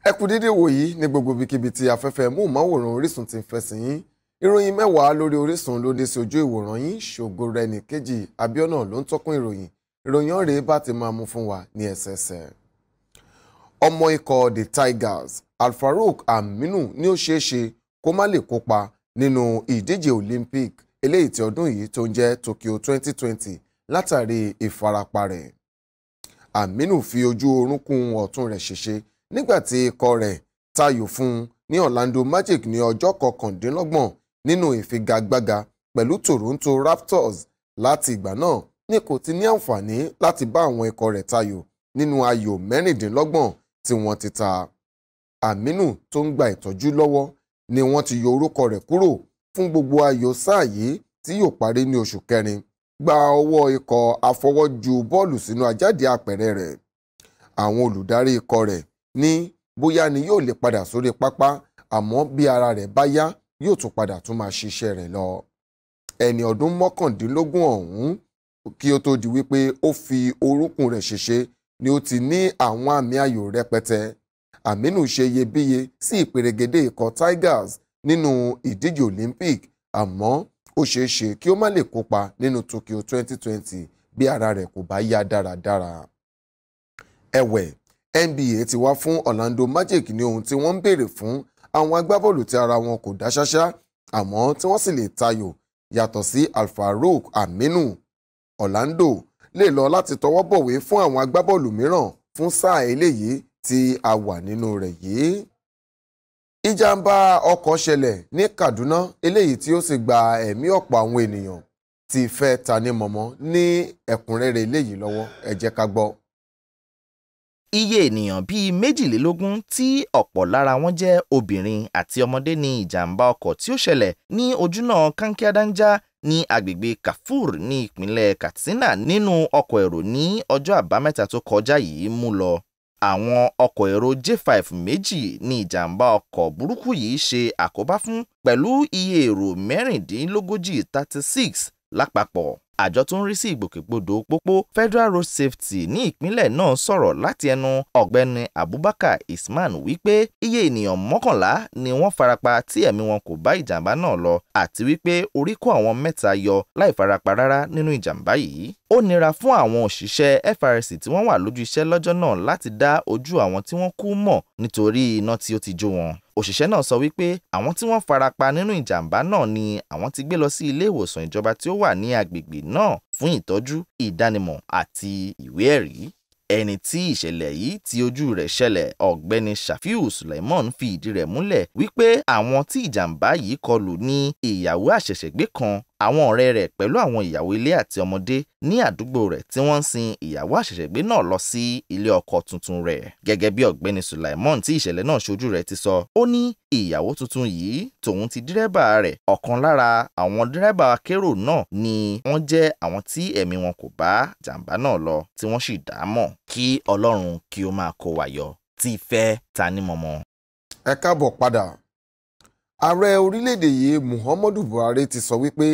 ẹ kú dédé wò yìí ní gbogbo ibikíbi tí afẹ́fẹ́ móhùnmáwòrán Orísun ti ń fẹ́ sí yín ìròyìn mẹ́wàá lórí Orísun ló dé sí ojú ìwòrán yín ṣògo rẹ̀ nìkejì Abíọ́nà ló ń tọ́kùn ìròyìn ìròyìn ọ̀rẹ́ bá ti máa mú fún wa ní ẹsẹẹsẹ. ọmọ ikọ̀ the Tigers Alfarouk Aminu ní ó ṣeé ṣe kó má lè kópa nínú ìdíje Olympic eléyìí ti ọdún yìí tó ń jẹ́ Tokyo 2020 látàrí ìfarapa rẹ̀ Aminu fi ojú orúnkún ọ̀tún rẹ̀ ṣèṣe nígbà tí ikọ̀ rẹ̀ tayò fún un ní Orlando Magic ní ọjọ́ kọkàndínlọ́gbọ̀n nínú ìfigagbága pẹ̀lú Toronto Raptors láti ìgbà náà ni kò ti ní àǹfààní láti bá àwọn ikọ̀ rẹ̀ tayò nínú ayò mẹ́rìndínlọ́gbọ̀n tí wọ́n ti ta. Aminu tó ń gba ìtọ́jú lọ́wọ́ ni wọ́n ti yọ orúkọ rẹ̀ kúrò fún gbogbo ayò sáà yìí tí yóò parí ní oṣù kẹrin gba ọwọ́ ikọ̀ afọwọ́jú bọ́ọ̀lù sínú ajáde àpẹẹrẹ rẹ̀ àwọn olùdarí ikọ̀ rẹ̀ ní bóyá ni yóò lè padà sórí pápá àmọ́ bí ara rẹ̀ bá yá yóò tún padà tún máa ṣiṣẹ́ rẹ̀ lọ. ẹni ọdún mọ́kàndínlógún ọ̀hún kí ó tó di wípé ó fi orúkún rẹ̀ ṣèṣe ni ó ti ní àwọn àmì ayò rẹpẹtẹ. Aminu ṣe iyebíye sí si ikọ̀ Tigers nínú ìdíje Olympic àmọ́ ó ṣeé ṣe kí ó má lè kópa nínú Tokyo 2020 bí ara rẹ̀ kò bá yá dáradára. ẹ̀wẹ̀ NBA ti wá fún Orlando Magic ní ohun tí wọ́n ń béèrè fún àwọn agbábọ́ọ̀lù tí ara wọn kò dá ṣáṣá àmọ́ tí wọ́n sì lè tayò yàtọ̀ sí Alfarouk Aminu Orlando lè lọ láti tọwọ́ bọ̀wé fún àwọn agbábọ́ọ̀lù mìíràn fún sáà eléyìí tí a wà nínú rẹ̀ yìí. ìjàmbá ọkọ̀ ṣẹlẹ̀ ní Kaduna eléyìí tí ó sì gba ẹ̀mí ọ̀pọ̀ àwọn ènìyàn ti fẹ́ ta ní mọ̀mọ́ ní ẹ̀kúnrẹ́rẹ́ eléyìí lọ́wọ́ ẹ ká gbọ́ iye ènìyàn bíi méjìlélógún tí ọ̀pọ̀ lára wọn jẹ́ obìnrin àti ọmọdé ní ìjàmbá ọkọ̀ tí ó ṣẹlẹ̀ ní ojúnà kankiadanja ní agbègbè kafur ní ìpínlẹ̀ katsina nínú ọkọ̀ èrò ní ọjọ́ àbámẹ́ta tó kọjá yìí mú lọ. àwọn ọkọ̀ èrò j5 méjì ní ìjàmbá ọkọ̀ burúkú yìí ṣe àkóbá fún pẹ̀lú iye èrò mẹ́rìndínlógójì 36 lápapọ̀ àjọ tó ń rí sí ìgbòkègbodò pópó Federal Road Safety ní ìpínlẹ̀ náà sọ̀rọ̀ láti ẹnu ọ̀gbẹ́ni Abubakar Isman wípé iye ènìyàn mọ́kànlá ni wọ́n farapa tí ẹ̀mí wọn kò bá ìjàmbá náà lọ àti wípé orí kó àwọn mẹ́ta yọ láì farapa rárá nínú ìjàmbá yìí ó nira fún àwọn òṣìṣẹ́ FRC tí wọ́n wà lójú iṣẹ́ lọ́jọ́ náà láti dá ojú àwọn tí wọ́n kú mọ̀ nítorí iná tí ó ti jó wọn. òṣìṣẹ́ náà sọ wípé àwọn tí wọ́n farapa nínú ìjàmbá náà ni àwọn ti gbé lọ sí ilé ìwòsàn ìjọba tí ó wà ní agbègbè náà fún ìtọ́jú ìdánimọ̀ àti ìwé ẹ̀rí ẹni tí ìṣẹ̀lẹ̀ yìí tí ojú rẹ̀ ṣẹlẹ̀ ọ̀gbẹ́ni Shafiu Suleiman fi ìdí rẹ̀ múlẹ̀ wípé àwọn tí ìjàmbá yìí kọlù ní ìyàwó àṣẹ̀ṣẹ̀gbé kan àwọn ọ̀rẹ́ rẹ̀ pẹ̀lú àwọn ìyàwó ilé àti ọmọdé ní àdúgbò rẹ̀ tí wọ́n ń sin ìyàwó àṣẹ̀ṣẹ̀gbé náà lọ sí ilé ọkọ tuntun rẹ̀. gẹ́gẹ́ bí ọ̀gbẹ́ni Sulaimon tí ìṣẹ̀lẹ̀ náà ṣojú rẹ̀ ti sọ ó ní ìyàwó tuntun yìí tòun ti dírẹ́bà rẹ̀ ọ̀kan lára àwọn dírẹ́bà akérò náà ni wọ́n jẹ́ àwọn tí ẹ̀mí wọn kò bá jàǹbá náà lọ tí wọ́n sì dá mọ̀ kí Ọlọ́run kí ó máa kó wa yọ ààrẹ orílẹ̀-èdè yìí Muhammadu Buhari ti sọ wípé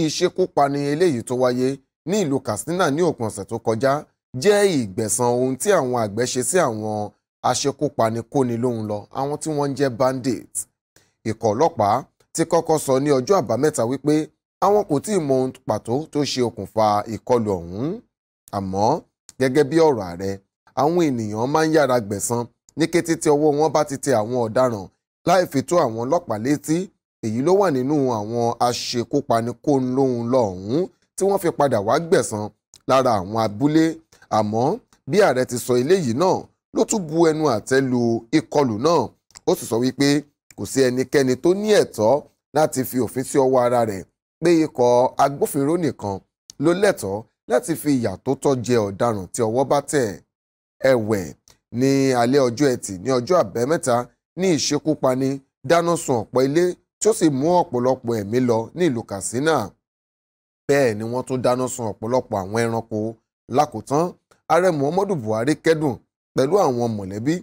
ìṣekúpani eléyìí tó wáyé ní ìlú Katsina ní òpin ọ̀sẹ̀ tó kọjá jẹ́ ìgbẹ̀san ohun tí àwọn àgbẹ̀ ṣe sí àwọn aṣekúpani kóni lóhùn lọ àwọn tí wọ́n ń jẹ́ bandits. ikọ̀ ọlọ́pàá ti kọ́kọ́ sọ ní ọjọ́ àbámẹ́ta wípé àwọn kò tí ì mọ ohun pàtó tó ṣe okùnfà ìkọlù ọ̀hún àmọ́ gẹ́gẹ́ bí ọ̀rọ̀ ààrẹ àwọn ènìyàn máa ń yára gbẹ̀san ní kété tí ọwọ́ wọn bá ti tẹ àwọn ọ̀daràn láì fi tó àwọn ọlọ́pàá létí èyí ló wà nínú àwọn aṣekúpanikóńlóhun lọ́hùn-ún tí wọ́n fi padà wá gbẹ̀san lára àwọn abúlé àmọ́ bí ààrẹ ti sọ eléyìí náà ló tún bu ẹnu àtẹ́ lu ìkọlù náà ó sì sọ wípé kò sí ẹnikẹ́ni tó ní ẹ̀tọ́ láti fi òfin sí ọwọ́ ara rẹ̀ pé ikọ̀ agbófinró nìkan ló lẹ́tọ̀ọ́ láti fi ìyà tó tọ́ jẹ ọ̀daràn tí ọwọ́ bá tẹ̀ ẹ̀wẹ̀ ní alẹ́ ọjọ́ ẹtì ní ọjọ́ àbẹ́mẹ́ta ní ìṣekúpani dáná sun ọ̀pọ̀ ilé tí ó sì mú ọ̀pọ̀lọpọ̀ ẹ̀mí lọ ní ìlú Katsina bẹ́ẹ̀ ni wọ́n tún dáná sun ọ̀pọ̀lọpọ̀ àwọn ẹranko lákòótán ààrẹ Muhammadu Buhari kẹ́dùn pẹ̀lú àwọn mọ̀lẹ́bí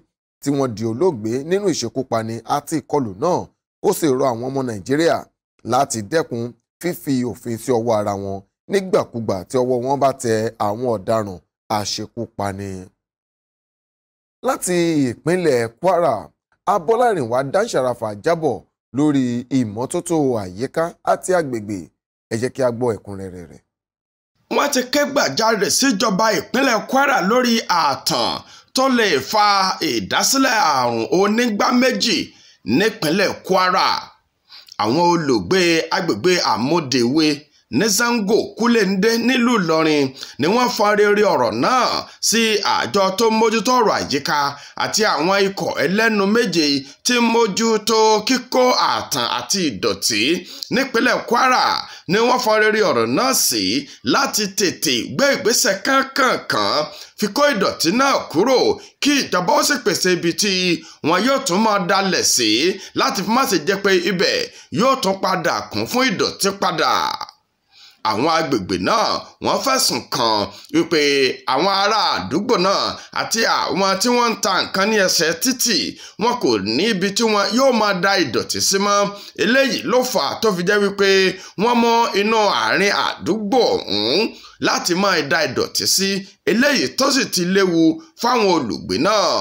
tí wọ́n di olóògbé nínú ìṣekúpani àti ìkọlù náà ó sì rọ àwọn ọmọ Nàìjíríà láti dẹ́kun fífi òfin sí ọwọ́ ara wọn nígbàkúgbà tí ọwọ́ wọn bá tẹ àwọn ọ̀daràn àṣekúpani. láti ìpínlẹ̀ Kwara Abọ́lárìnwá Dáńsàràfà jábọ̀ lórí ìmọ́tótó àyíká àti agbègbè ẹ jẹ́ kí a gbọ́ ẹ̀kúnrẹ́rẹ́ rẹ̀. wọ́n ti ké gbàjarè síjọba ìpínlẹ̀ Kwara lórí ààtàn tó lè fa ìdásílẹ̀ àrùn onígbá méjì nípínlẹ̀ Kwara àwọn olùgbé agbègbè àmódewé ní Zango Kulende nílùú Ìlọrin ni wọ́n fa rere ọ̀rọ̀ náà sí àjọ tó ń mójútó ọ̀rọ̀ àyíká àti àwọn ikọ̀ ẹlẹ́nu méje tí ń mójútó kíkó àtàn àti ìdọ̀tí nípínlẹ̀ Kwara ni wọ́n fa rere ọ̀rọ̀ náà sí láti tètè gbé ìgbésẹ̀ kankankan fi kó ìdọ̀tí náà kúrò kí ìjọba ó sì pèsè ibi tí wọn yóò tún máa dalẹ̀ sí láti fi má ṣe jẹ́ pé ibẹ̀ yóò tún padà kún fún ìdọ̀tí padà àwọn agbègbè náà wọ́n fẹ̀sùn kàn wípé àwọn ará àdúgbò náà àti àwọn tí wọ́n ń ta nǹkan ní ẹsẹ̀ títì wọn kò ní ibi tí wọn yóò máa da ìdọ̀tí sí mọ́ eléyìí ló fà á tó fi jẹ́ wípé wọ́n mọ inú àárín àdúgbò ọ̀hún láti máa da ìdọ̀tí sí eléyìí tó sì ti léwu fáwọn olùgbé náà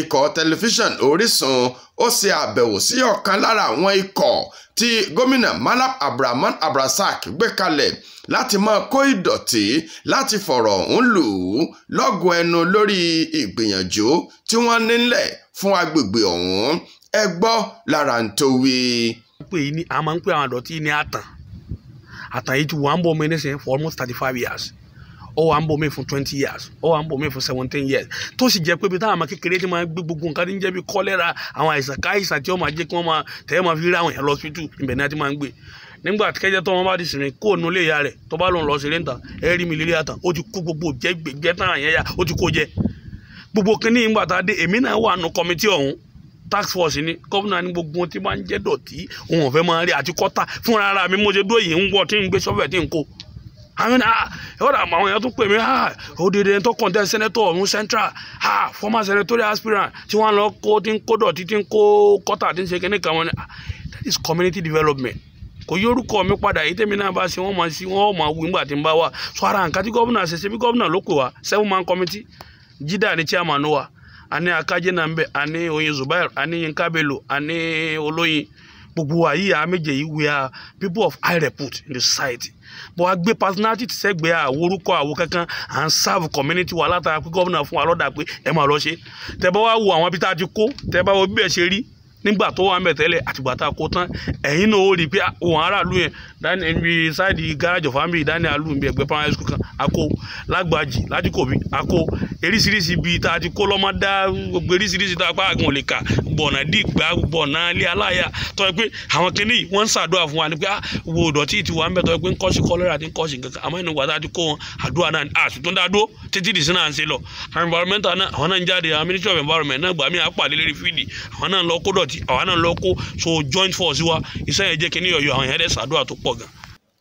ikọ̀ tẹlifíṣàn Orísun ó ṣe àbẹ̀wò sí ọ̀kan lára àwọn ikọ̀ tí gómìnà Malam Abrahman Abrasak gbé kalẹ̀ láti máa kó ìdọ̀tí láti fọ̀rọ̀ ọ̀hún lù ú lọ́gùn ẹnu lórí ìgbìyànjú tí wọ́n nílẹ̀ fún agbègbè ọ̀hún ẹ gbọ́ lára ń tó wí. a máa ń pè àwọn àdọ̀tí ní àtàn àtàn yìí ti wà ń bọ̀ ọmọ for almost thirty five years ó wà ń bọ̀ mí fún twenty years ó wà ń bọ̀ mí fún seventeen years tó sì jẹ́ pé ibi táwọn ọmọ kékeré ti máa ń gbé gbogbo nǹkan tí ń jẹ́ bí kọ́lẹ́ra àwọn àìsàn káìsàn tí wọ́n máa jẹ́ kí wọ́n máa tẹ́ máa fi rí àwọn èèyàn lọ sí tù ibẹ̀ náà ti máa ń gbé nígbà kẹjẹ tó wọn bá ti sinmi kó nulẹ̀ ìyá rẹ̀ tó bá lòun lọ sí lẹ́ńtà ẹ rí mi lílé àtàn ó ti kó gbogbo jẹ́ gbẹ̀gbẹ́ tán àyẹ́ yá ó ti kó jẹ gbogbo kínní ìgbà tá a dé èmi náà wà nù kọ́mítì ọ̀hún tax force ni gómìnà ní gbogbo tí máa ń jẹ́ dọ̀tí òun ò fẹ́ máa rí àti kọ́tà fúnra ara mi mo ṣe dóyè ń wọ tí ń gbé sọ́fẹ̀ tí ń kó àwọn ah, ọ̀dà àwọn èèyàn tún pè mí òdìdí ah, ẹni tó kọ̀ǹtẹ́ sẹ́nẹ́tọ̀ ọ̀hún central ah, former senatorial aspirant tí wọ́n lọ kó tí ń kó dọ̀tí tí ń kó kọ́tà tí ń ṣe kíní kan wọn that is community development kò yí orúkọ mi padà èyí tèmi náà bá ṣe wọ́n máa ṣe wọ́n máa wí nígbà tí ń bá wà so ara nǹkan tí gómìnà ṣe ṣe bí gómìnà ló pè wá seven man committee Jida ní chairman wa àní akájé náà ń bẹ àní oyin zubair àní yinka bello àní olóyin gbogbo wa yìí àá méje yìí we are people of high repute in the society bọ̀ a gbé personality ti sẹ́gbẹ̀ẹ́ àworúkọ àwo kankan à ń serve community wa látara pé gómìnà fún wa lọ́dà pé ẹ máa lọ ṣe tẹ bá wá wo àwọn ibi tá a ti kó tẹ bá wo bí ẹ ṣe rí nígbà tó wà ń bẹ̀ tẹ́lẹ̀ àtìgbà tá a kó tán ẹ̀yin náà ó rí i pé òun aráàlú yẹn dání ẹni sáìdì gárájì ọ̀fàmì dání alú mi ẹgbẹ́ primary school kan a kó lágbàjì lájúkòbí a kó eríṣiríṣi ibi tá a ti kó lọ́mọ dá gbogbo eríṣiríṣi tá a pa àgùn lè kà gbọ̀nà dìgbà gbọ̀nà ilé aláya tọ́ ẹ pé àwọn kìnnì wọ́n ń ṣàdúrà fún wa ni pé ah, wo dọ̀tí ti wà ń bẹ̀ tọ́ ẹ pé ń kọ́sí kọ́lẹ́rà àti ń kọ́sí nǹkan kan àmọ́ inú wa tá ti kó wọn àdúrà náà àtúntún dá dúró títí dì sí náà ń ṣe lọ environmental náà àwọn náà ń jáde àwọn ministry of environment náà gbà mí àpàdé lérí fíìdì àwọn náà ń lọ kó so joint force wa iṣẹ́ yẹn jẹ́ kínní ọ̀yọ́ àwọn yẹn dẹ̀ ṣàdúrà tó pọ̀ gan.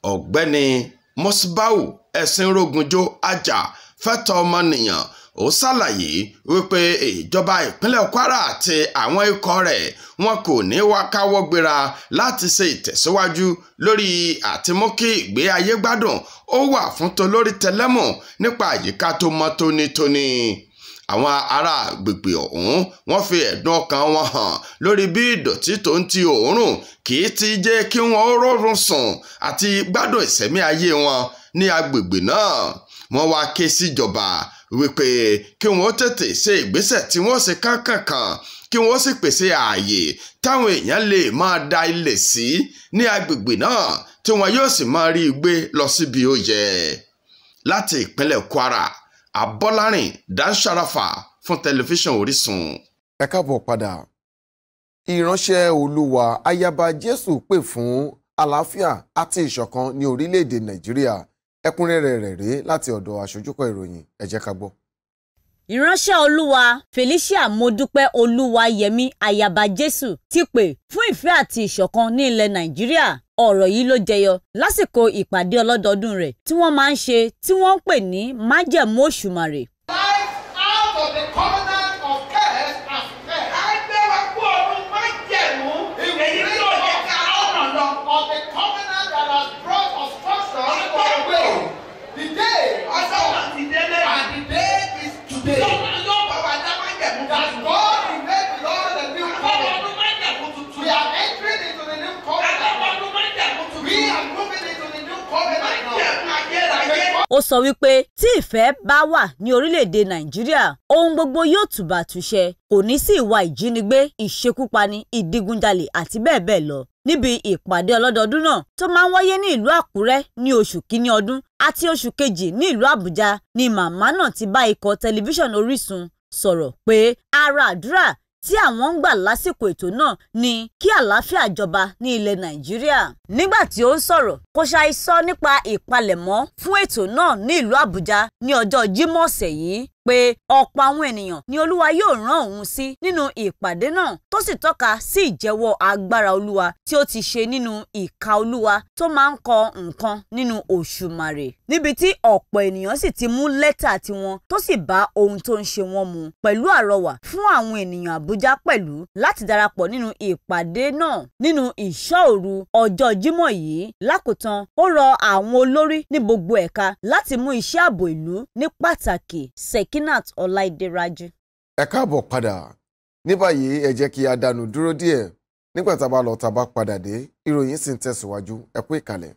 ọ̀gbẹ́ni mosbau ẹ̀sìn rogunjo ajá fẹ́tọ̀ ọmọnìyàn ó ṣàlàyé wípé ìjọba ìpínlẹ̀ Kwara àti àwọn ikọ̀ rẹ̀ wọn kò ní wá káwọ́ gbéra láti ṣe ìtẹ̀síwájú lórí àtimú kí ìgbé ayé gbádùn ó wà fún tolórí tẹlẹ́mù nípa àyíká tó mọ́ tónítóní àwọn ará gbègbè ọ̀hún wọ́n fi ẹ̀dùn ọkàn wọn hàn lórí bí ìdọ̀tí tó ń ti òórùn kì í ti jẹ́ kí wọ́n rọrùn sùn àti gbádùn ìṣẹ̀mí ayé wọn ní agbègbè náà wọ́n wá ké síjọba wípé kí wọ́n tètè ṣe ìgbésẹ̀ tí wọ́n ṣe kánkànkàn kí wọ́n sì pèsè ààyè táwọn èèyàn lè máa da ilẹ̀ sí ní agbègbè náà tí wọn yóò sì máa rí i gbé lọ síbi ó yẹ. láti ìpínlẹ̀ Kwara Abọ́lárìn Dáńsáráfà fún tẹlifíṣàn Orísun. ẹ káàbọ̀ padà ìránṣẹ́ Olúwa ayaba Jésù pè fún àlàáfíà àti ìṣọ̀kan ní orílẹ̀-èdè Nàìjíríà ẹ̀kúnrẹ́rẹ́ rẹ̀ rèé láti ọ̀dọ̀ àṣojúkọ ìròyìn ẹ ká gbọ́. ìránṣẹ́ olúwa Felicia Modúpẹ́ Olúwayẹmí ayaba Jésù ti pè fún ìfẹ́ àti ìṣọ̀kan ní ilẹ̀ Nàìjíríà ọ̀rọ̀ yìí ló jẹyọ lásìkò ìpàdé ọlọ́dọọdún rẹ̀ tí wọ́n máa ń ṣe tí wọ́n ń pè ní májẹ̀mú òṣùmàrè today ó sọ wípé tí ìfẹ́ bá wà ní orílẹ̀-èdè nàìjíríà ohun gbogbo yóò tùbà túṣẹ kò ní sí ìwà ìjínigbé ìṣekúpani ìdigunjalè àti bẹ́ẹ̀ bẹ́ẹ̀ lọ níbi ìpàdé ọlọ́dọọdún náà tó máa ń wáyé ní ìlú àkúrẹ́ ní oṣù kínní ọdún àti oṣù kejì ní ìlú àbújá ni màmá náà ti bá ikọ̀ tẹlifíṣàn orísun sọ̀rọ̀ pé ara àdúrà tí àwọn ń gbà lásìkò ètò náà ni kí àlàáfíà jọba ní ilẹ̀ nàìjíríà. nígbà tí ó ń sọ̀rọ̀ kò ṣàì sọ nípa ìpalẹ̀mọ́ fún ètò náà ní ìlú àbújá ní ọjọ́ jímọ̀ yìí pé ọ̀pọ̀ àwọn ènìyàn ni olúwa yóò rán òun sí nínú ìpàdé náà tó sì tọ́ka sí ìjẹ́wọ́ agbára olúwa tí ó ti ṣe nínú ìka olúwa tó máa ń kọ nǹkan nínú òṣùmàrè níbi tí ọ̀pọ̀ ènìyàn sì ti mú lẹ́tà tiwọn tó sì bá ohun tó ń ṣe wọn mu pẹ̀lú àrọwà fún àwọn ènìyàn àbújá pẹ̀lú láti darapọ̀ nínú ìpàdé náà nínú ìṣọ́ òru ọjọ́ jímọ̀ yìí lákòótán ó rọ àwọn olórí ní gbogbo ẹ̀ka láti mú iṣẹ́ ààbò ìlú ní pàtàkì sec Sekinat Ọláìdérajú. ẹ káàbọ̀ padà ní báyìí ẹ jẹ́ kí a dánu dúró díẹ̀ nígbà tá a bá lọ tá a bá padà dé ìròyìn sì ń tẹ̀síwájú ẹ kú ìkàlẹ̀.